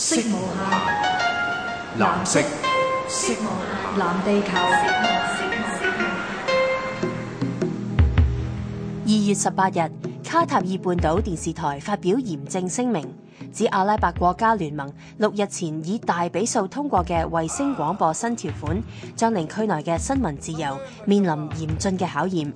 色無限，藍色。色無限，藍地球。二月十八日，卡塔爾半島電視台發表嚴正聲明，指阿拉伯國家聯盟六日前以大比數通過嘅衛星廣播新條款，將令區內嘅新聞自由面臨嚴峻嘅考驗。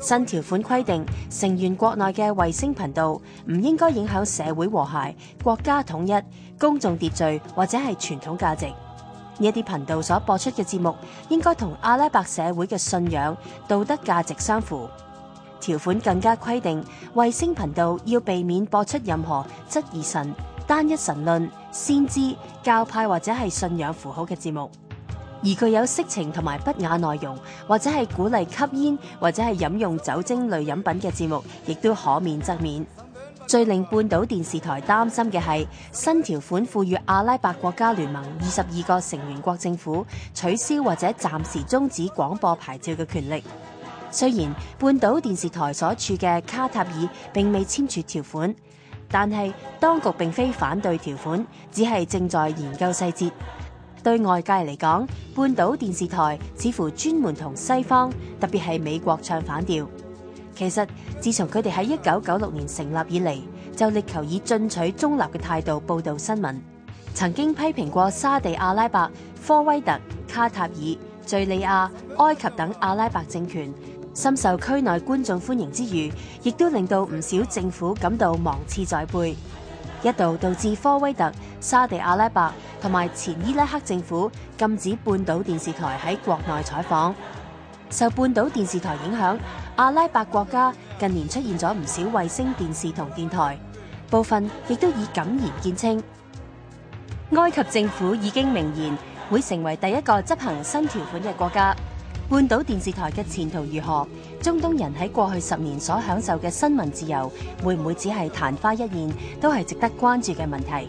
新條款規定，成員國內嘅衛星頻道唔應該影響社會和諧、國家統一、公眾秩序或者係傳統價值。呢一啲頻道所播出嘅節目應該同阿拉伯社會嘅信仰、道德價值相符。條款更加規定，衛星頻道要避免播出任何質疑神、單一神論、先知、教派或者係信仰符號嘅節目。而具有色情同埋不雅內容，或者係鼓勵吸煙或者係飲用酒精類飲品嘅節目，亦都可免則免。最令半島電視台擔心嘅係新條款賦予阿拉伯國家聯盟二十二個成員國政府取消或者暫時終止廣播牌照嘅權力。雖然半島電視台所處嘅卡塔爾並未簽署條款，但係當局並非反對條款，只係正在研究細節。對外界嚟講，半島電視台似乎專門同西方，特別係美國唱反調。其實，自從佢哋喺一九九六年成立以嚟，就力求以進取中立嘅態度報道新聞，曾經批評過沙地阿拉伯、科威特、卡塔爾、敘利亞、埃及等阿拉伯政權，深受區內觀眾歡迎之餘，亦都令到唔少政府感到芒刺在背，一度導致科威特、沙地阿拉伯，同埋前伊拉克政府禁止半島電視台喺國內採訪，受半島電視台影響，阿拉伯國家近年出現咗唔少衛星電視同電台，部分亦都以敢言見稱。埃及政府已經明言會成為第一個執行新條款嘅國家。半島電視台嘅前途如何？中東人喺過去十年所享受嘅新聞自由，會唔會只係曇花一現？都係值得關注嘅問題。